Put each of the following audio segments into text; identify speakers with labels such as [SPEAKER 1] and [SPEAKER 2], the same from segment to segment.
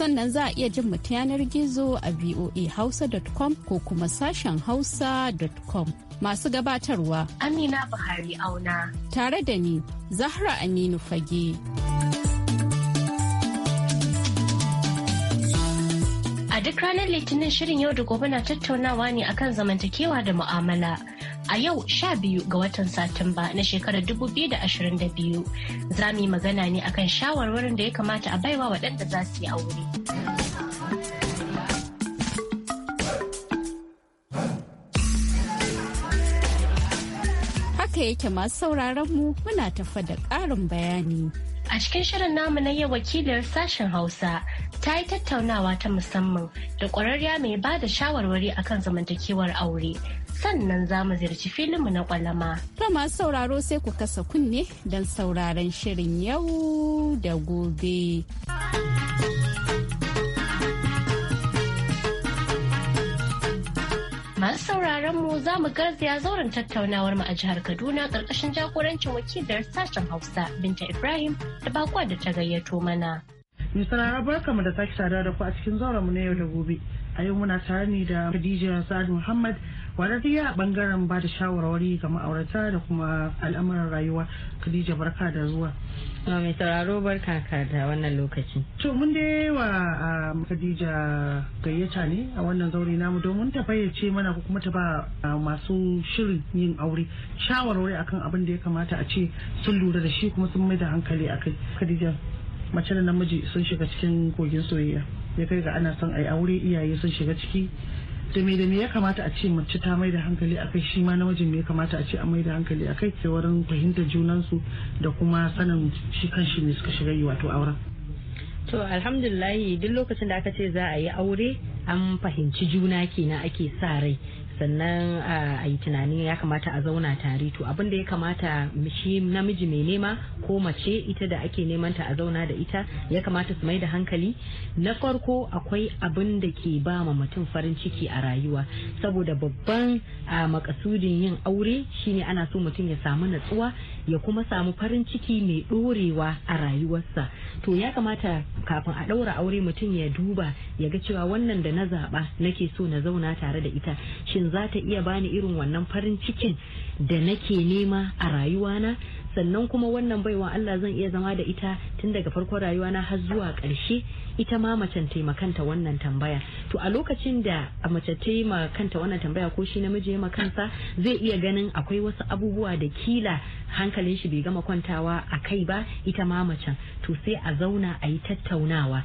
[SPEAKER 1] sannan za a iya jin mu ta yanar gizo a voahausa.com ko kuma sashen hausa.com masu gabatarwa
[SPEAKER 2] amina buhari auna
[SPEAKER 1] tare da ni zahra aminu fage
[SPEAKER 2] a duk ranar litinin shirin yau da gobe na tattaunawa ne akan zamantakewa da mu'amala a yau 12 ga watan Satumba na shekarar 2022. Za mu yi magana ne akan shawarwarin da ya kamata a baiwa waɗanda za su yi aure.
[SPEAKER 1] Haka yake masu sauraron mu muna tafa da
[SPEAKER 2] ƙarin bayani. A cikin shirin namu na yau wakiliyar sashen Hausa ta yi tattaunawa ta musamman da ƙwararriya mai ba da shawarwari akan zamantakewar aure sannan za mu ziyarci mu na kwalama.
[SPEAKER 1] Ta masu sauraro sai ku kasa kunne don sauraron shirin yau da gobe. Masu sauraron mu
[SPEAKER 2] za mu garzaya zauren tattaunawar mu a jihar Kaduna karkashin jagorancin wakilar sashen Hausa Binta Ibrahim da bakwa da ta gayyato mana.
[SPEAKER 3] Mai saurara barka mu da sake sadar da ku a cikin zauren mu na yau da gobe. A yau muna tare ne da Khadija Sa'ad Muhammad kwararriya a bangaren ba da shawarwari ga ma'aurata da kuma al'amuran rayuwa kadija barka da zuwa mai sauraro barka ka da wannan lokaci to mun da wa khadija gayyata ne a wannan zaure namu domin ta fayyace mana ko kuma ta ba masu shirin yin aure shawarwari akan abin da ya kamata a ce sun lura da shi kuma sun mai da hankali akai khadija mace da namiji sun shiga cikin kogin soyayya ya kai ga ana son a yi aure iyaye sun shiga ciki da me da me ya kamata a ce mace ta mai da hankali a kai shi ma namijin me ya kamata a ce a mai da hankali a kai wurin fahimtar junansu da kuma sanin shi kan shi ne suka shiga yi wato auren.
[SPEAKER 4] to alhamdulillahi duk lokacin da aka ce za a yi aure an fahimci juna kenan ake sa rai sannan a yi tunani ya kamata a zauna tare to abin da ya kamata shi namiji mai nema ko mace ita da ake neman ta a zauna da ita ya kamata su mai da hankali na farko akwai abin da ke ba ma mutum farin ciki a rayuwa saboda babban makasudin yin aure shine ana so mutum ya samu natsuwa ya kuma samu farin ciki mai dorewa a rayuwarsa to ya kamata kafin a ɗaura aure mutum ya duba ya ga cewa wannan da da na zaɓa nake so na zauna tare da ita shin za ta iya bani irin wannan farin cikin da nake nema a rayuwana sannan kuma wannan baiwa Allah zan iya zama da ita tun daga farkon rayuwana har zuwa ƙarshe ita ma macen taimakanta wannan tambaya to a lokacin da a mace taimakanta wannan tambaya ko shi namiji ya kansa zai iya ganin akwai wasu abubuwa da kila hankalin shi bai gama kwantawa a kai ba ita ma macen to sai a zauna a yi tattaunawa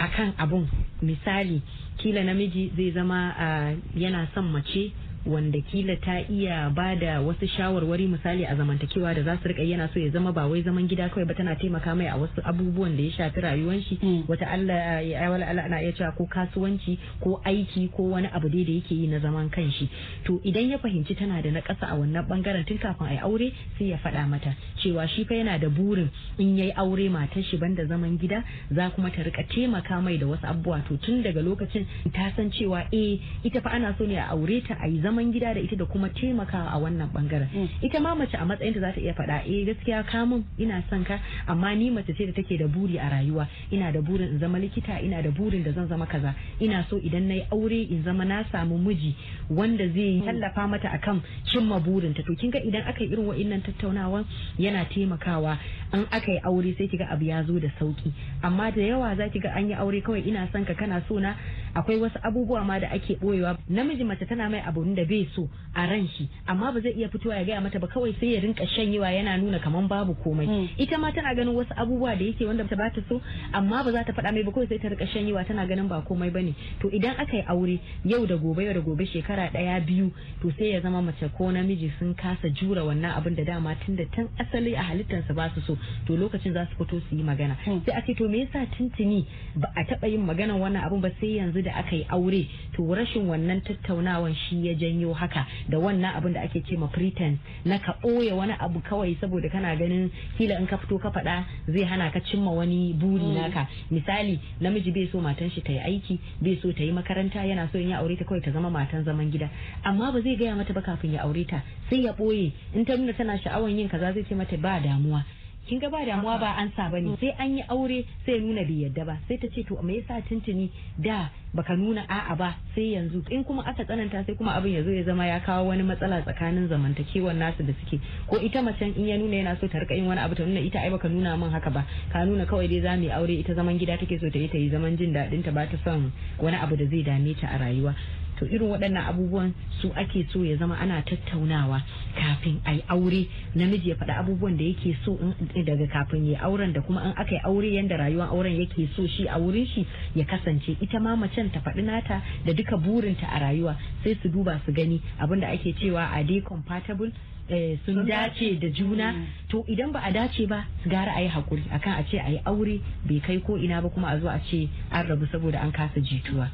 [SPEAKER 4] akan abun misali kila namiji zai zama ah, yana son mace wanda kila ta iya ba da wasu shawarwari misali a zamantakewa da za su rika yana so ya zama ba wai zaman gida kawai ba tana taimaka mai a wasu abubuwan da ya shafi rayuwar shi hmm. wata Allah ya wala Allah ana iya cewa ko kasuwanci ko aiki ko wani abu dai da yake yi na zaman kanshi to idan ya fahimci tana da na ƙasa a wannan bangaren tun kafin a yi aure sai ya faɗa mata cewa shi fa yana da burin in yayi aure matar shi banda zaman gida za kuma ta rika taimaka mai da wasu abubuwa to tun daga lokacin ta san cewa eh ita fa ana so ne a aure ta a yi zaman gida da ita da kuma taimakawa a wannan bangaren mm. ita ma mace a matsayinta za ta iya faɗa eh gaskiya kamun ina son ka amma ni mace ce da take da buri a rayuwa ina da burin in zama likita ina da burin da zan zama kaza ina so idan nayi aure in zama na samu miji wanda zai mm. tallafa mata akan cimma burinta to kinga idan aka yi irin wa'innan tattaunawan yana taimakawa an aka yi aure sai kiga abu ya zo da sauki amma da yawa za ki ga an yi aure kawai ina son ka kana so na akwai wasu abubuwa ma da ake boyewa namiji mace tana mai abu da bai so a ran shi amma ba zai iya fitowa ya gaya mata ba kawai sai ya rinka shanyewa yana nuna kaman babu komai mm. ita ma tana ganin wasu abubuwa da yake wanda ba ta so amma ba za ta faɗa mai ba kawai sai ta rinka shanyewa tana ganin ba komai bane to idan aka yi aure yau da gobe yau da gobe shekara ɗaya biyu to sai ya zama mace ko namiji sun kasa jura wannan abin da dama tun da tun asali a halittarsa ba su so to lokacin za su fito su yi magana mm. sai a ce to me yasa tuntuni ba a taɓa yin maganan wannan abin ba sai yanzu da aka yi aure to rashin wannan tattaunawan shi ya janyo haka da wannan abin da ake ce ma pretend na ka ɓoye wani abu kawai saboda kana ganin kila in ka fito ka faɗa zai hana ka cimma wani buri mm. naka misali namiji bai so matan shi ta yi aiki bai so ta yi makaranta yana so in ya aure ta kawai ta zama matan zaman gida amma ba zai gaya mata ba kafin ya aure ta sai ya ɓoye in ta nuna tana sha'awan yin kaza zai ce mata ba damuwa kin ga ba damuwa ba an sa bane mm. sai an yi aure sai nuna bai yadda ba sai ta ce to me yasa tuntuni da baka nuna a'a ba sai yanzu in kuma aka tsananta sai kuma abin ya zo ya zama ya kawo wani matsala tsakanin zamantakewar nasu da suke ko ita mace in ya nuna yana so ta rika yin wani abu ta nuna ita ai baka nuna min haka ba ka nuna kawai dai za mu yi aure ita zaman gida take so ta yi ta yi zaman jin daɗin ta ba ta son wani abu da zai dame ta a rayuwa to irin waɗannan abubuwan su ake so ya zama ana tattaunawa kafin ai aure namiji ya faɗi abubuwan da yake so daga kafin ya auren da kuma in aka yi aure yanda rayuwar auren yake so shi a wurin shi ya kasance ita ma macen ta faɗi nata da duka burinta a rayuwa sai su duba su gani da ake cewa a dai compatible Eh, sun dace da juna mm. to idan ba a dace ba gara a yi hakuri akan a ce a yi aure bai kai ko ina ba kuma a zo a ce an rabu saboda an kasa jituwa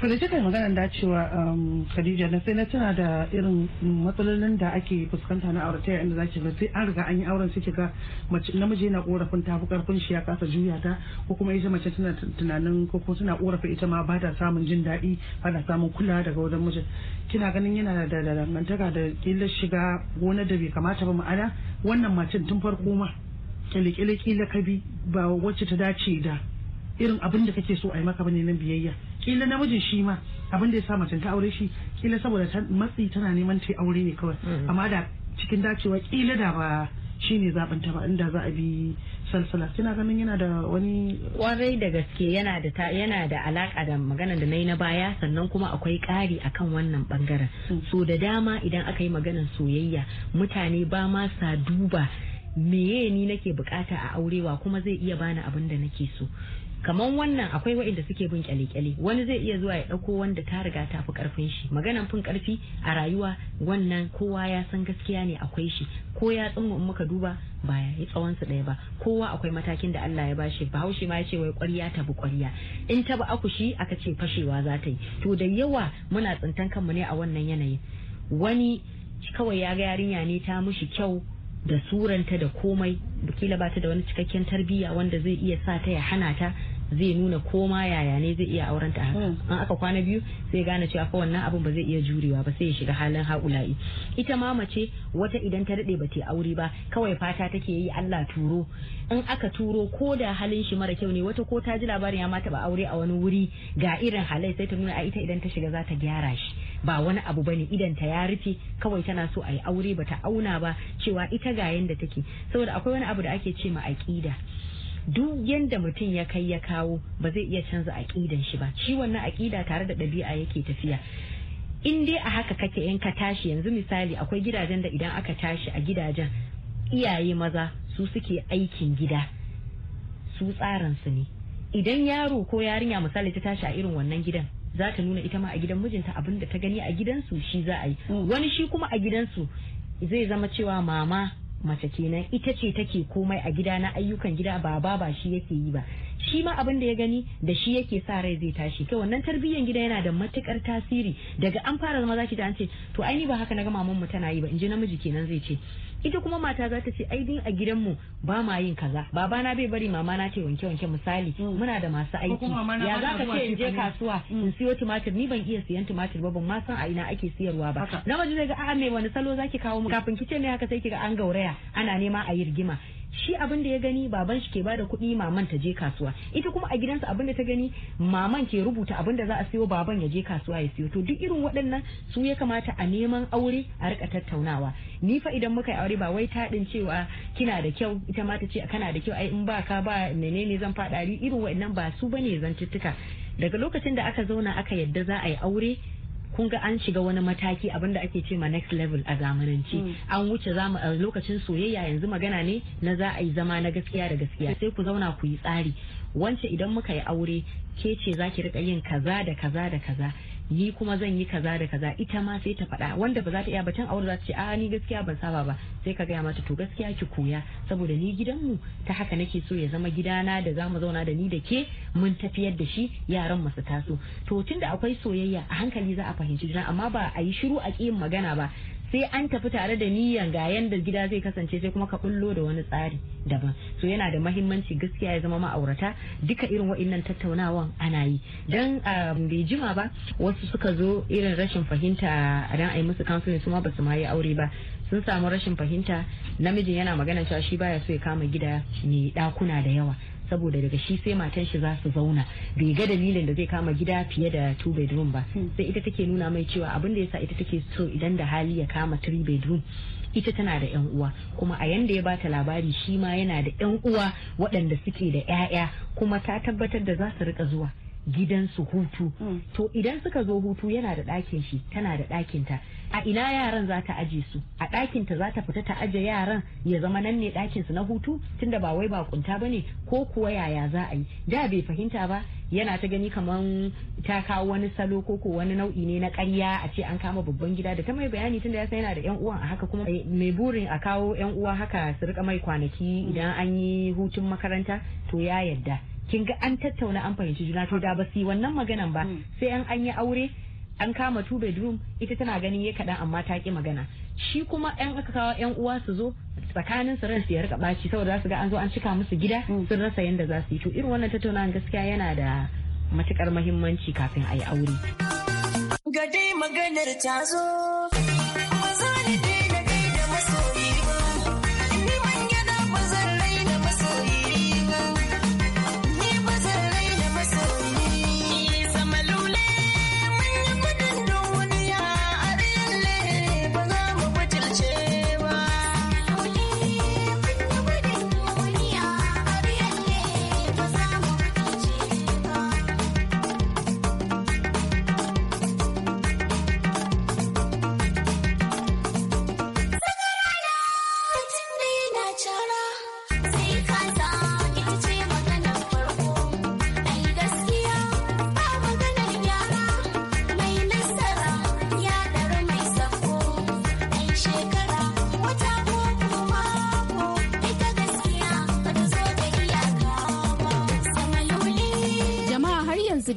[SPEAKER 4] to da kika magana da cewa
[SPEAKER 3] um, Khadija na sai na tana da irin matsalolin da ake fuskanta na auratayya inda zaki ga sai an riga an yi auren sai kiga namiji yana korafin ta fi karfin shi ya kasa juya ta ko kuma ita mace tana tunanin ko kuma tana korafin ita ma ba ta samun jin daɗi ba ta samun kulawa daga wajen mijin kina ganin yana da dangantaka da kila shiga gona da bai kamata ba ma'ana wannan macen tun farko ma kile-kile kila kabi ba wacce ta dace da irin abin da kake so a yi maka bane na biyayya kila namijin shi ma abin da ya sa macen ta aure shi kila saboda matsi tana neman ta aure ne kawai mm-hmm. amma da cikin dacewa kila da ba shi ne zaben ta ba inda za a
[SPEAKER 4] bi salsala kina ganin yana da wani kwarai da gaske yana da ta yana da alaka da magana da nayi na baya sannan kuma akwai ƙari akan wannan bangaren mm. so da dama idan aka yi maganar soyayya mutane ba ma sa duba meye ni nake bukata a aurewa kuma zai iya bani abin da nake so kaman wannan akwai waɗanda suke bin kyale wani zai iya zuwa ya ɗauko wanda ta riga ta fi ƙarfin shi maganan fin karfi a rayuwa wannan kowa ya san gaskiya ne akwai shi ko ya tsinmu in muka duba ba ya yi tsawon su ɗaya ba kowa akwai matakin da Allah ya bashi bahaushe ma ya ce wai ƙwarya ta bi ƙwarya in ta bi akushi aka ce fashewa za ta yi to da yawa muna tsintan kanmu ne a wannan yanayin wani kawai ya ga yarinya ne ta mushi kyau da suranta da komai da kila bata da wani cikakken tarbiyya wanda zai iya sa ta ya hana ta zai nuna koma yaya ne zai iya auren ta haka an hmm. aka kwana biyu zai gane cewa fa wannan abin ba zai iya jurewa ba sai ya shiga halin haƙula'i. ita ma mace wata idan ta daɗe ba ta aure ba kawai fata take yi Allah turo in aka turo ko da halin shi mara kyau ne wata ko ta ji labarin ya mata ba aure a wani wuri ga irin halai sai ta nuna a ita idan ta shiga za ta gyara shi ba wani abu bane idan ta ya rufe kawai tana so a yi aure ba ta auna ba cewa ita ga yanda take saboda akwai wani abu da ake ce ma aƙida duk yanda mutum ya kai ya kawo ba zai iya canza aƙidan shi ba shi wannan aƙida tare da ɗabi'a yake tafiya in dai a haka kake in ka tashi yanzu misali akwai gidajen da idan aka tashi a gidajen iyaye maza su suke aikin gida su tsaransu ne idan yaro ko yarinya misali ta tashi a irin wannan gidan za ta nuna ita ma a gidan mijinta abin da ta gani a gidansu shi za a yi mm. wani shi kuma a gidansu zai zama cewa mama mace kenan ita ce take komai a gida na ayyukan gida ba ba ba shi yake yi ba shi ma abin da ya gani da shi yake sa rai zai tashi kai wannan tarbiyyar gida yana da matukar tasiri daga an fara zama zaki ta an ce to ai ni ba haka na ga maman mu tana yi ba in namiji kenan zai ce ita kuma mata za ta ce ai din a gidan mu ba ma yin kaza baba na bai bari mama na ce wanke wanke misali muna da masu aiki ya za ka ce in je kasuwa in mm. siyo tumatir ni ban iya siyan tumatir ba ban ma san a ina ake siyarwa ba namiji zai ga a'a me wani salo zaki kawo mu kafin ki ce ne haka sai ki ga an gauraya ana nema a yi rigima shi abin da ya gani baban shi ke bada kuɗi maman ta je kasuwa ita kuma a gidansa abin da ta gani maman ke rubuta abin da za a siyo baban ya je kasuwa ya siyo to duk irin waɗannan su ya kamata a neman aure a rika tattaunawa ni fa idan muka yi aure ba wai taɗin cewa kina da kyau ita ma ta ce kana da kyau ai in ba ka ba menene zan faɗa irin waɗannan ba su bane zantuttuka daga lokacin da aka zauna aka yadda za a yi aure kun ga an shiga wani mataki abinda ake ce ma next level a zamanance hmm. an wuce zamu a lokacin soyayya yanzu magana ne na za a yi zama na gaskiya da gaskiya sai ku zauna ku yi tsari wance idan muka yi aure ke ce za ki rika yin kaza da kaza da kaza ni kuma zan yi kaza da kaza ita ma sai ta faɗa wanda ba za ta iya ba aure za ta ce a ni gaskiya ban saba ba sai ka gaya mata to gaskiya ki koya saboda ni gidan mu ta haka nake so ya zama gidana da za mu zauna da ni da ke mun tafiyar da shi yaran masu taso to tunda akwai soyayya a hankali za a fahimci juna amma ba a yi shiru a ƙiyin magana ba sai an tafi tare da niyan ga yanda gida zai kasance sai kuma ka bullo da wani tsari daban so yana da mahimmanci gaskiya ya zama ma'aurata duka irin wa'innan tattaunawan ana yi dan um, bai jima ba wasu suka zo irin rashin fahimta dan a yi musu kansulin su ma basu ma yi aure ba sun samu rashin fahimta namijin yana magana cewa shi baya so ya kama gida ne dakuna da yawa saboda daga shi sai matan shi za su zauna bai ga dalilin da zai kama gida fiye da two bedroom ba hmm. sai ita take nuna mai cewa abin da yasa ita take so idan da hali ya kama three bedroom ita tana da yan uwa kuma a yanda ya bata labari shi ma yana da yan uwa waɗanda suke da 'ya'ya kuma ta tabbatar da za su rika zuwa gidansu hutu mm. to idan suka zo hutu yana da ɗakin shi tana da ɗakinta a ina yaran za ta aje su a ɗakinta za ta fita ta aje yaran ya zama nan ne ɗakinsu na hutu tunda ba wai bakunta ba ne ko kuwa yaya za a yi da bai fahimta ba yana ta gani kaman ta kawo wani salo ko ko wani nau'i ne na ƙarya a ce an kama babban gida da ta mai bayani tunda ya san yana da yan uwan a haka kuma mai burin a kawo yan uwa haka su rika mai kwanaki idan an yi hutun makaranta to ya yadda kin ga an tattauna an fahimci juna to da ba su yi wannan maganan ba hmm. sai an an yi aure an kama two bedroom ita tana ganin ya kaɗan amma ta ki magana shi kuma yan aka kawo yan uwa su zo tsakanin su ransu ya rika ɓaci saboda za su ga an zo an cika musu gida hmm. sun rasa yadda za su yi to irin wannan tattaunawa gaskiya yana da matukar mahimmanci kafin a yi aure.
[SPEAKER 1] Gade maganar ta zo.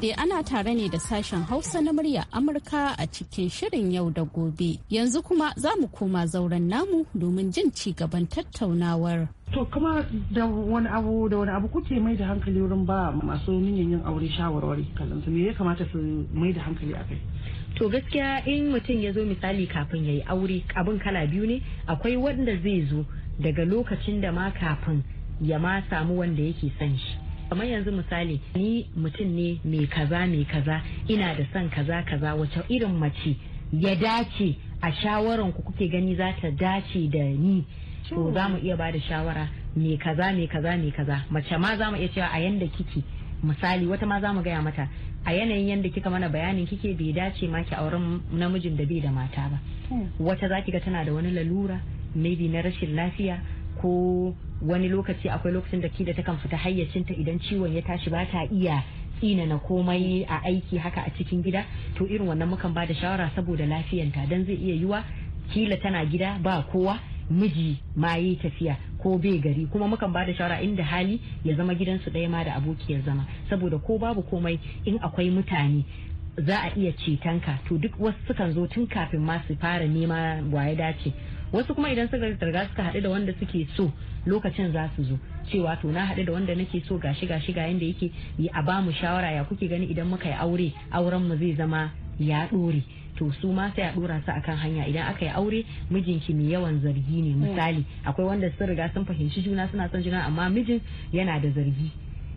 [SPEAKER 1] gobe ana tare ne da sashen Hausa na murya Amurka a cikin shirin yau da gobe. Yanzu kuma za mu koma zauren namu domin jin ci gaban tattaunawar. To kuma da
[SPEAKER 3] wani abu da wani abu kuke mai da hankali wurin ba masu niyan yin aure shawarwari kallon su me ya
[SPEAKER 4] kamata su mai da hankali a kai? To gaskiya in mutum ya zo misali kafin ya yi aure abin kala biyu ne akwai wanda zai zo daga lokacin da ma kafin ya ma samu wanda yake son shi. kamar yanzu misali ni mutum ne mai kaza mai kaza ina da son kaza kaza wace irin mace ya dace a shawaran ku kuke gani za ta dace da ni to za mu iya bada shawara mai kaza mai kaza mai kaza mace ma za mu iya cewa a yanda kike misali wata ma za mu gaya mata a yanayin yadda kika mana bayanin kike bai dace ma ki auren namijin da bai da mata ba hmm. wata za ki ga tana da wani lalura maybe na rashin lafiya ko wani lokaci akwai lokacin da kila takan fita hayyacinta idan ciwon ya tashi ba ta iya tsina na komai a aiki haka a cikin gida to irin wannan mukan ba da shawara saboda lafiyanta don zai iya yiwa kila tana gida ba kowa miji ma yi tafiya ko bai gari kuma mukan ba da shawara inda hali ya zama gidansu ɗaya ma da abokiyar zama saboda ko babu komai in akwai mutane za a iya cetanka to duk wasu sukan zo tun kafin masu fara nema wa ya dace wasu kuma idan suka riga suka haɗu da wanda suke so lokacin za su zo cewa to na haɗu da wanda nake so gashi gashi ga yanda yake yi a mu shawara ya kuke gani idan muka yi aure auren mu zai zama ya ɗore to su ma sai a dora su akan hanya idan aka yi aure mijinki mai yawan zargi ne misali akwai wanda sun riga sun fahimci juna suna son juna amma mijin yana da zargi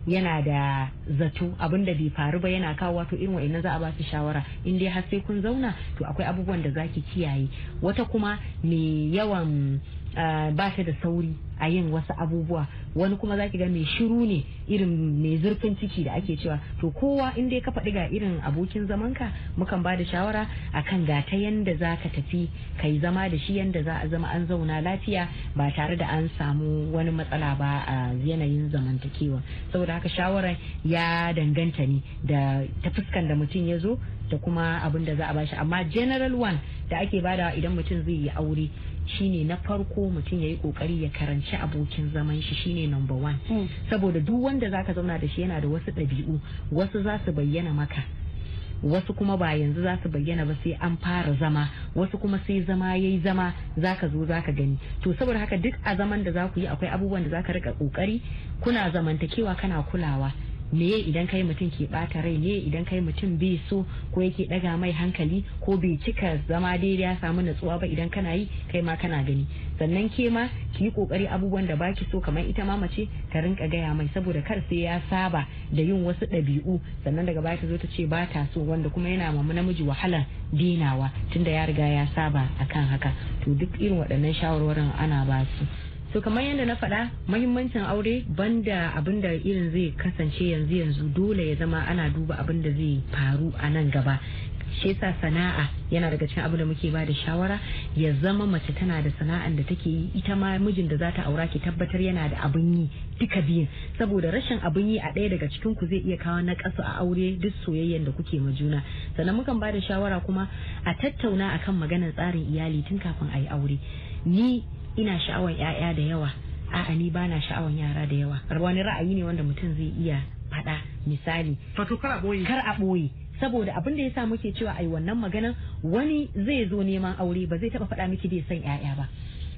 [SPEAKER 4] yana da zato abun da bai faru ba yana kawo wato irin wa'annan za a ba su shawara in dai har sai kun zauna to akwai abubuwan da zaki kiyaye wata kuma mai yawan Ah, ba shi da sauri a yin wasu abubuwa wani kuma zaki ga mai shiru ne irin mai zurfin ciki da ake cewa to kowa in dai ka faɗi ga irin abokin zamanka mukan ba da shawara akan ga ta yanda za ka tafi ka yi zama da shi yanda za a zama an zauna lafiya ba tare da an samu wani matsala ba a yanayin zamantakewa saboda haka shawarar ya danganta ne da ta fuskan da mutum ya zo da kuma abin da za a bashi amma general one da ake bada idan mutum zai yi aure shine na farko mutum ya yi kokari ya karanci abokin zaman shi shine number one mm. saboda duk wanda zaka zauna da shi yana da wasu ɗabi'u wasu za su bayyana maka wasu kuma ba yanzu za su bayyana ba sai an fara zama wasu kuma sai zama ya yi zama zaka zo za gani to saboda haka duk a zaman da za ku yi akwai abubuwan da za ka rika ƙoƙari kuna zamantakewa kana kulawa me idan kai mutum ke bata rai ne idan kai mutum bai so ko yake daga mai hankali ko bai cika zama daidai ya samu natsuwa ba idan kana yi kai ma kana gani sannan ke ma ki yi kokari abubuwan da baki so kamar ita ma mace ta rinka gaya mai saboda kar sai ya saba da yin wasu ɗabi'u sannan daga baya ta zo ta ce ba ta so wanda kuma yana mamu namiji wahala dinawa tunda ya riga ya saba akan haka to duk irin waɗannan shawarwarin ana ba su to kamar yadda na faɗa mahimmancin aure banda abin da irin zai kasance yanzu yanzu dole ya zama ana duba abin da zai faru a nan gaba shi yasa sana'a yana daga cikin abu da muke ba da shawara ya zama mace tana da sana'an da take yi ita ma mijin da za ta aura ki tabbatar yana da abun yi duka biyun saboda rashin abun yi a ɗaya daga cikin ku zai iya kawo na a aure duk soyayyen da kuke ma juna sannan mukan ba da shawara kuma a tattauna akan maganar tsarin iyali tun kafin a yi aure ni ina sha'awar 'ya'ya da yawa a'a ni bana sha'awar yara da yawa wani ra'ayi ne wanda mutum zai iya faɗa misali fato kar a ɓoye kar a saboda abin da yasa muke cewa ai wannan maganan wani zai zo neman aure ba zai taba faɗa miki bai san 'ya'ya ba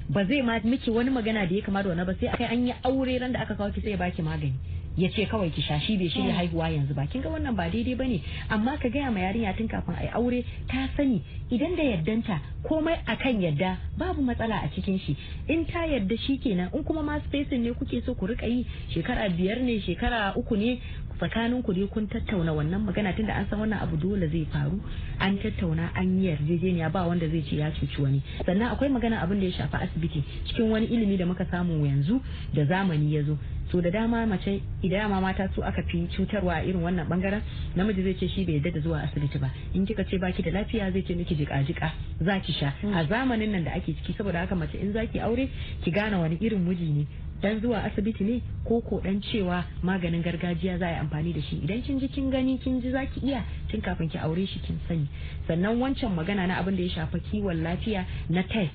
[SPEAKER 4] ba zai ma miki wani magana da ya kamata da wani ba sai akai an yi aure ran da aka kawo ki sai ya baki magani ya ce kawai ki sha shi bai shirya mm. haihuwa yanzu ba kin ga wannan ba daidai bane amma ka gaya ma yarinya tun kafin ai aure ta sani idan da yaddanta komai akan yadda babu matsala a cikin shi in ta yadda shi kenan in kuma ma spacing ne kuke so ku rika yi shekara biyar ne shekara uku ne tsakanin ku dai kun tattauna wannan magana tunda an san wannan abu dole zai faru an tattauna an yi yarjejeniya ba wanda zai ce ya cuci wani sannan akwai magana abin da ya shafi asibiti cikin wani ilimi da muka samu yanzu da zamani ya zo so da dama mace idan ma mata su aka fi cutarwa irin wannan bangaren namiji zai ce shi bai yadda da zuwa asibiti ba in kika ce baki da lafiya zai ce miki jika jika za ki sha a zamanin nan da ake ciki saboda haka mace in zaki aure ki gane wani irin miji ne dan zuwa asibiti ne ko ko dan cewa maganin gargajiya za a yi amfani da shi idan kin ji kin gani kin ji zaki iya tun kafin ki aure shi kin sani sannan wancan magana na abin da ya shafa kiwon lafiya na test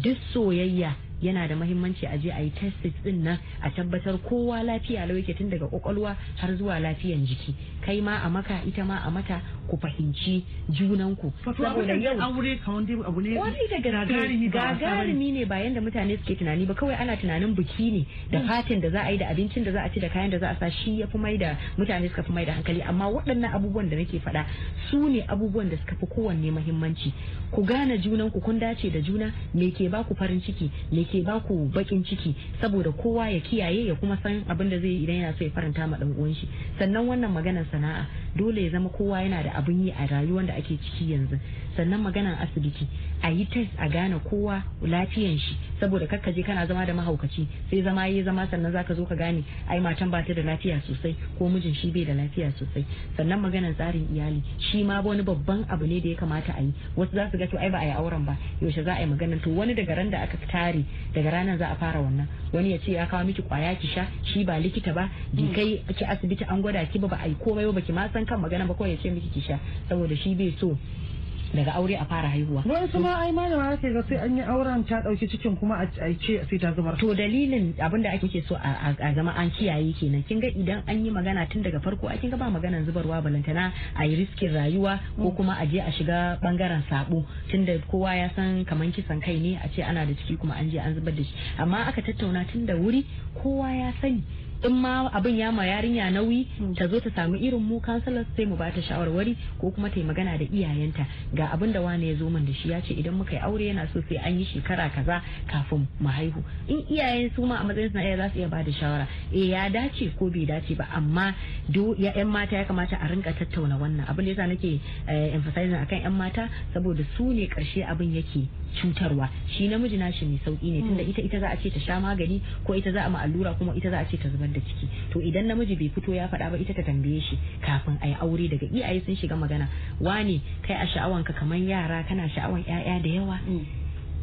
[SPEAKER 4] duk soyayya yana da mahimmanci a je a yi test din nan a tabbatar kowa lafiya lau yake tun daga kwakwalwa har zuwa lafiyan jiki kai ma a maka ita ma a mata ku fahimci junanku saboda yau
[SPEAKER 3] aure abu ne wani da gagarumi
[SPEAKER 4] ne ba yanda mutane suke tunani ba kawai ana tunanin biki ne da mm. fatin da za a yi da abincin da za a ci da kayan da za a sa shi ya fi mai da mutane suka fi mai da hankali amma waɗannan abubuwan da nake faɗa su ne abubuwan da suka fi kowanne muhimmanci ku gane junanku kun dace da juna me ke ba ku farin ciki me ke ba ku bakin ciki saboda kowa ya kiyaye ya kuma san abin da zai yi idan yana so ya faranta ma dan uwan shi sannan wannan maganar sa enough dole ya zama kowa yana da abin yi a rayuwar da ake ciki yanzu sannan maganan asibiti a yi test a gane kowa lafiyan shi saboda kakka je kana zama da mahaukaci sai zama yi zama sannan zaka zo ka gane ai matan ba ta da lafiya sosai ko mijin shi bai da lafiya sosai sannan maganan tsarin iyali shi ma wani babban abu ne da ya kamata a yi wasu za su ga to ai ba a yi auren ba yaushe za a yi maganan to wani daga ran da aka tare daga ranar za a fara wannan wani ya ce ya kawo miki kwaya ki sha shi ba likita ba ki mm. kai ki asibiti an gwada ki ba ba a yi komai ba ki ma san kan magana ba kawai ya ce miki ki sha saboda shi bai so daga aure a fara haihuwa. Wani su ma
[SPEAKER 3] ai malama ake ga sai an
[SPEAKER 4] yi auren ta dauki cikin kuma a ce sai ta zubar. To dalilin abin da ake so a zama an kiyaye kenan kin ga idan an yi magana tun daga farko a kin ga ba maganan zubarwa balantana a yi riskin rayuwa ko mm. kuma a je a shiga bangaren sabo tun da kowa ya san kaman kisan kai ne a ce ana da ciki kuma an je an zubar da shi amma aka tattauna tun da wuri kowa ya sani in ma abin ya ma yarinya nauyi hmm. ta zo ta samu irin mu kansalar sai mu bata shawarwari ko kuma ta yi magana da iyayenta ga abin da wane ya zo min da shi ya ce idan muka yi aure yana so sai an yi shekara kaza kafin mu haihu in iyayen su ma a matsayin na za su iya bada shawara eh ya dace ko bai dace ba amma do ya yan mata ya kamata a rinka tattauna wannan abin da yasa nake eh, emphasizing akan yan mata saboda su ne karshe abin yake cutarwa shi namiji shi mai sauki ne tunda hmm. ita ita za a ce ta sha magani ko ita za a ma allura kuma ita za a ce ta zubar da ciki to idan namiji bai fito ya faɗa ba ita ta tambaye shi kafin a yi aure daga iyaye sun shiga magana wani kai a sha'awanka kamar yara kana sha'awan 'ya'ya da yawa mm.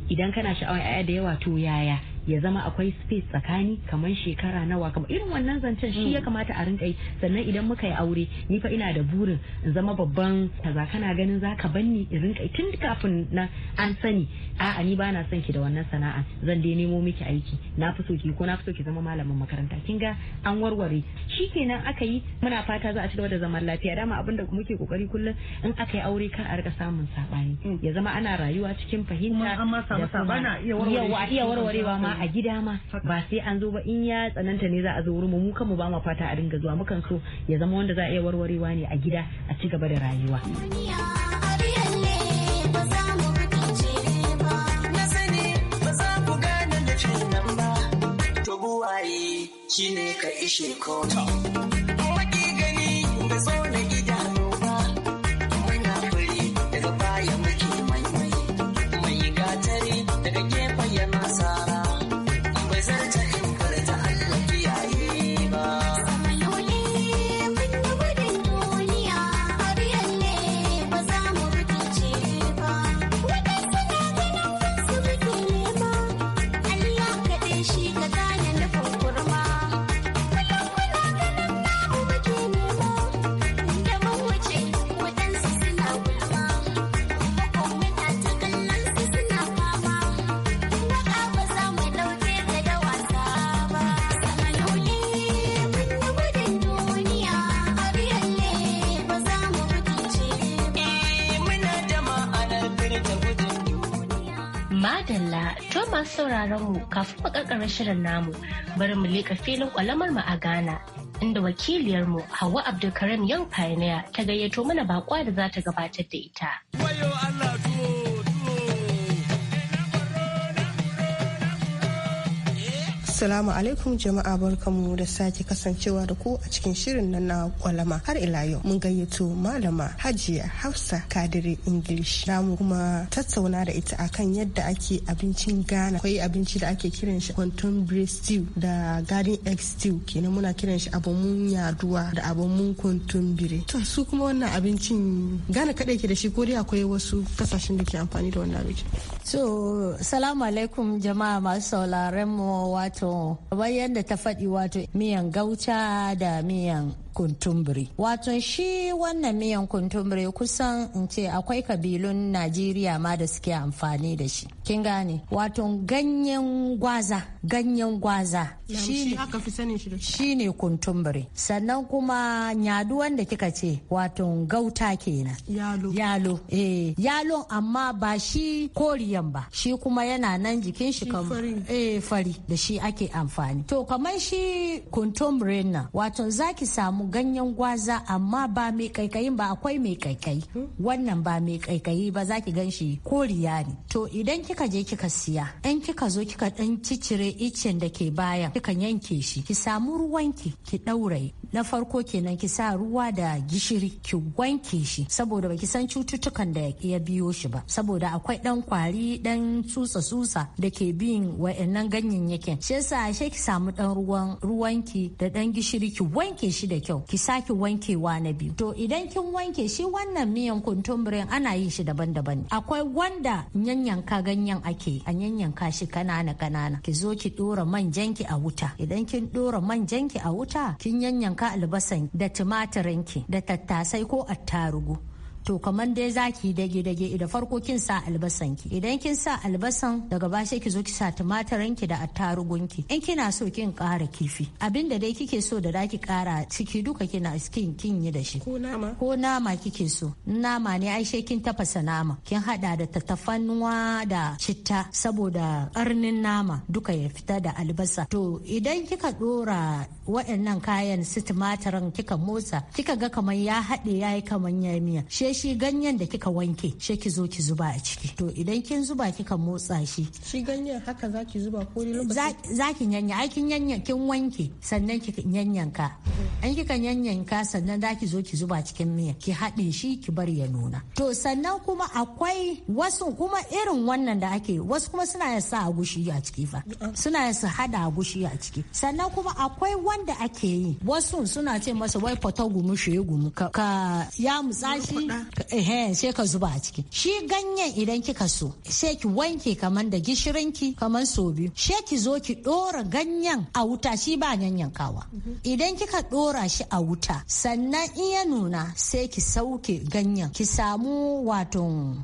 [SPEAKER 4] idan kana sha'awan 'ya'ya da yawa to yaya ya zama akwai space tsakani kamar shekara nawa kamar irin wannan zancen shi ya mm. kamata a rinka yi sannan idan muka yi aure ni fa ina da burin in zama babban kaza kana ganin zaka banni in rinka tun kafin na an sani a'a ni ba na son ki da wannan sana'a zan dai nemo miki aiki na fi so ki ko na fi so ki zama malamin makaranta kin ga an warware shikenan aka yi muna fata za a ci gaba da zaman lafiya dama abinda muke kokari kullum in aka yi aure kar a rika samun sabani mm. ya zama ana rayuwa cikin fahimta kuma an ma samu sabana iya warwarewa ma a gida ma ba sai an zo ba in ya tsananta ne za a zo wurin mu mu ba mu fata a dinga zuwa mukan so ya zama wanda za a iya warwarewa ne a gida a ci gaba da rayuwa.
[SPEAKER 5] shine ka ishe kota.
[SPEAKER 2] masu sauraron mu kafin mu karkarar shirin namu bari mu leka filin kwalamar mu a Ghana inda wakiliyar mu Hauwa Abdulkarim Young Pioneer ta gayyato mana bakwa da za ta gabatar da ita.
[SPEAKER 5] Wayo Allah Assalamu alaikum jama'a barkamu da sake kasancewa da ku a cikin shirin nan na kwalama har ila yau mun gayyato malama Hajiya Hafsa Kadiri English namu kuma tattauna da ita akan yadda ake abincin Ghana akwai abinci da ake kiran shi contemporary stew da garden egg stew kenan muna kiran shi abomun yaduwa da abamun contemporary to su kuma wannan abincin Ghana kadai ke da shi ko dai akwai wasu kasashen da ke amfani da wannan abincin so salamu alaikum jama'a masu sauraren mu wato wato bayan da ta faɗi wato miyan gauta da miyan kuntumbiri wato shi wannan miyan kuntumbiri kusan in ce akwai kabilun najeriya ma da suke amfani da shi kin gane wato ganyen gwaza ganyen gwaza shi ne kuntumbiri sannan kuma nyadu wanda kika ce wato gauta kenan yalo yalo eh yalo amma ba shi koriyan ba shi kuma yana nan jikin shi kamar eh fari da shi ake amfani to kamar shi kuntumbirin nan wato zaki samu samu ganyen gwaza amma ba mai kaikayin ba akwai mai kaikai wannan ba mai kaikayi ba za ki gan shi koriya ne to idan kika je kika siya in kika zo kika dan cicire icen da ke bayan kika yanke shi ki samu ruwan ki ɗauraye na farko kenan ki sa ruwa da gishiri ki wanke shi saboda baki san cututtukan da ya biyo shi ba saboda akwai ɗan kwari ɗan tsutsa tsutsa da ke bin wa'annan ganyayyakin shi yasa ki samu dan ruwan ruwanki da ɗan gishiri ki wanke shi da kyau kyau ki sake wankewa na biyu to idan kin wanke shi wannan miyan kuntumbirin ana yin shi daban-daban akwai wanda yanyanka ganyen ake a yanyanka shi kanana-kanana ki zo ki dora manjanki a wuta idan kin dora manjan ki a wuta kin yanyanka albasan da tumatirin ki. da tattasai ko attarugu to kamar dai zaki dage dage idan farko kin sa albasan ki idan kin sa albasan daga ba ki zo ki sa tumatirin ki da attarugun ki in kina so kin kara kifi abin da dai kike so da zaki kara ciki duka kina skin kin yi da shi ko nama ko nama kike so nama ne ai she kin tafasa nama kin hada da tatafanuwa da citta saboda karnin nama duka ya fita da albasa to idan kika dora waɗannan kayan su tumatirin kika motsa kika ga kamar ya haɗe yayi kamar ya miya she shi ganyen da kika wanke shi ki zo ki zuba a ciki to idan kin zuba kika motsa shi shi ganyen haka za ki zuba ko lokaci za ki nyanya ai kin nyanya kin wanke sannan ki yanyanka an kika yanyanka sannan za ki zo ki zuba cikin miya ki haɗe shi ki bar ya nuna to sannan kuma akwai wasu kuma irin wannan da ake wasu kuma suna ya sa agushi a ciki fa suna ya su hada agushi a ciki sannan kuma akwai wanda ake yi wasu suna ce masa wai fata gumu shi gumu ka ya mutsa shi sai ka zuba a ciki shi ganyen idan kika so sai ki wanke kaman da gishirinki kaman so biyu sai ki zo ki dora ganyen a wuta shi ba yanyankawa idan kika dora shi a wuta sannan in ya nuna sai ki sauke ganyen ki samu wato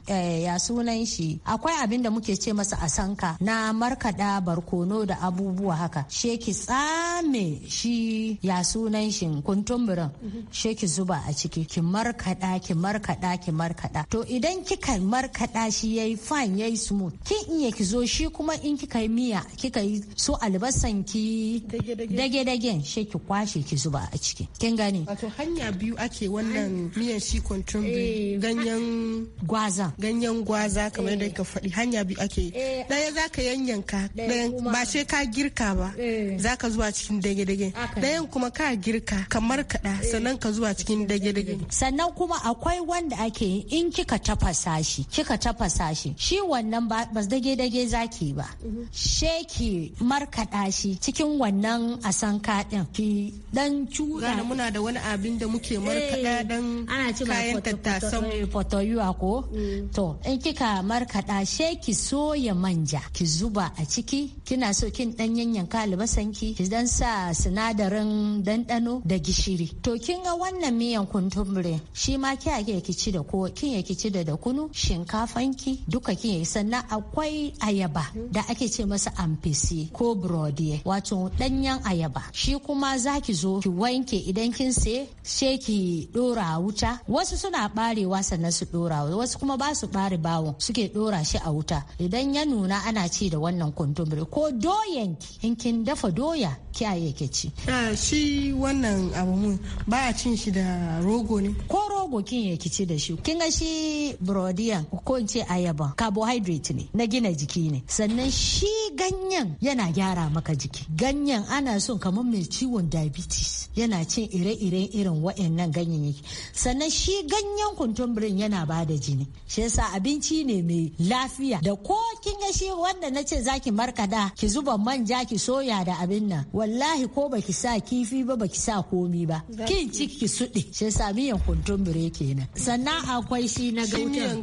[SPEAKER 5] eh, ya sunan shi akwai abin da muke ce masa a sanka na markada barkono da abubuwa haka sai ki tsame shi ya sunan shi kuntumburin sai ki zuba a ciki ki markada ki markada markaɗa ki markaɗa to idan kika markaɗa shi yayi fine yayi smooth kin iya ki zo shi kuma in kika yi miya kika yi so albasan ki dage dagen shi ki kwashe ki zuba a ciki kin gani wato hanya biyu ake wannan miyan shi bi eh, ganyen gwaza ganyen gwaza kamar yadda eh. ka faɗi hanya biyu ake eh. ɗaya zaka yanyanka ba sai ka girka ba zaka zuwa cikin dage dage ɗayan kuma ka girka kamar kaɗa sannan ka zuwa cikin dage dage sannan kuma akwai wani dagen da ake yi in kika tafasa shi kika tafasa shi shi wannan ba dage dage zaki ba mhm. sheki markaɗa shi cikin wannan asanka din ki dan cuɗa muna da wani abin da muke eh, markaɗa dan kayan tattasan fotoyuwa eh, ko mm. to in kika markaɗa sheki soya manja ki zuba a ciki kina so kin dan yanyanka albasan ki ki dan sa sinadarin dandano da gishiri to kin ga wannan miyan kuntumbre shi ma kiya ke ki da ko kin ki ci da da shinkafanki duka kin yi sannan akwai ayaba da ake ce masa amfisi ko brodie wato danyen ayaba shi kuma zaki zo ki wanke idan kin se sai ki dora wuta wasu suna barewa sannan su dora wasu kuma ba su bare bawon suke dora shi a wuta idan ya nuna ana ci da wannan kuntumbiri ko doyen in kin dafa doya kiyaye ke ci ah, shi wannan abu mun ba cin shi da rogo ne ko rogo kin yake rikici da shi kin ga shi brodia ko in ce ayaba carbohydrate ne na gina jiki ne sannan shi ganyen yana gyara maka jiki ganyen ana son kamar mai ciwon diabetes yana cin ire ire irin wa'annan ganyayyaki sannan shi ganyen kuntumbirin yana ba da jini shi yasa abinci ne mai lafiya da ko kin ga shi wanda na ce zaki markada ki zuba manja ki soya da abin nan wallahi ko baki sa kifi ba baki sa komi ba kin ci ki suɗe shi yasa miyan kuntumbire kenan sannan akwai shi na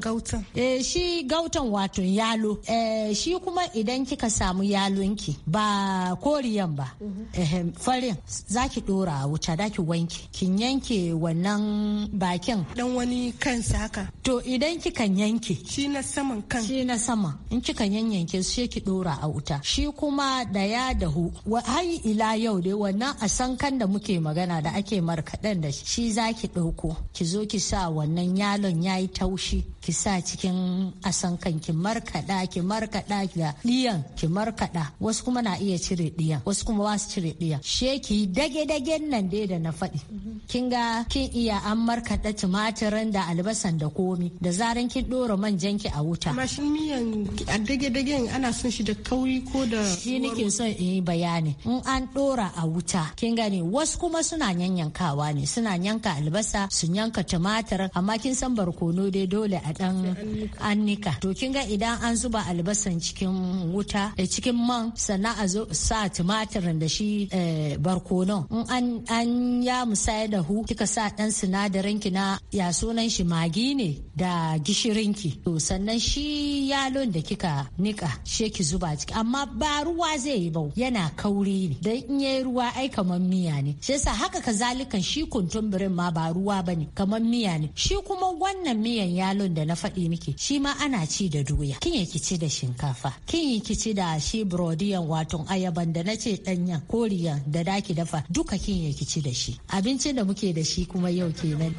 [SPEAKER 5] gautan eh, shi gautan wato yalo eh, shi kuma idan kika samu yalonki ba koriyan ba mhm. farin za ki dora a wuta ki wanki kin yanke wannan bakin dan wani kansa haka to idan kika yanke shi na saman kan shi na sama in kika yanyanke shi ki dora a wuta shi kuma da ya dahu hayi ila yau dai wannan a asankan da muke magana da ake markaɗen da shi za ki ɗauko ki zo ki sa wannan wannan yalon ya yi taushi ki sa cikin asankan ki markada ki markada da ɗiyan ki markada wasu kuma na iya cire ɗiyan wasu kuma ba su cire ɗiyan she ki dage dagen nan dai da na faɗi kin ga kin iya an markada tumatirin da albasan da komi da zaran kin ɗora manjan ki a wuta amma shi miyan a dage dagen ana son shi da kauri ko da shi nake son in yi bayani in an ɗora a wuta kin gani wasu kuma suna yanyankawa ne suna yanka albasa su yanka tumatir amma kin san barkono dai dole a dan annika to kin ga idan an zuba albasan cikin wuta da eh, cikin man sannan a zo sa tumatirin da shi eh, barkonon in an ya musaya da hu kika sa dan sinadarin ki na ya sunan shi magi ne da gishirin ki to sannan shi yalon da kika nika she ki zuba ciki amma ba ruwa zai yi ba yana kauri ne dan in yayi ruwa ai kamar miya ne shi yasa haka kazalikan shi kuntumbirin ma ba ruwa bane kamar miya ne shi kuma wannan miyan yalon da na faɗi miki shi ma ana ci da doya kin yi kici da shinkafa kin yi kici da shi brodiyan wato ayaban da na ce danyen koriyan da daki dafa duka kin yi kici da shi abincin da muke da shi kuma yau kenan.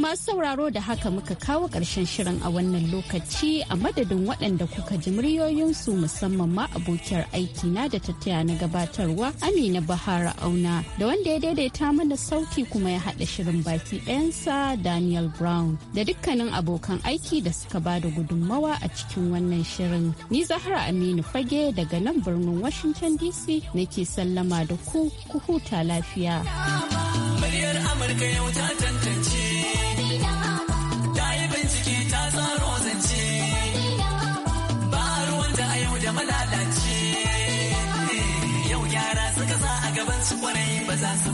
[SPEAKER 1] masu sauraro da haka muka kawo ƙarshen shirin a wannan lokaci a madadin waɗanda kuka ji muryoyinsu musamman ma abokiyar aiki na da tattaya na gabatarwa Amina Bahara Auna da wanda ya daidaita mana sauti kuma ya haɗa shirin baki ɗayansa Daniel Brown da dukkanin abokan aiki da suka ba da gudunmawa a cikin wannan shirin. Ni Zahra Aminu Fage daga nan birnin Washington DC nake sallama da ku ku huta lafiya.
[SPEAKER 2] Amurka yau ta tantance. gaban su kwarai ba za su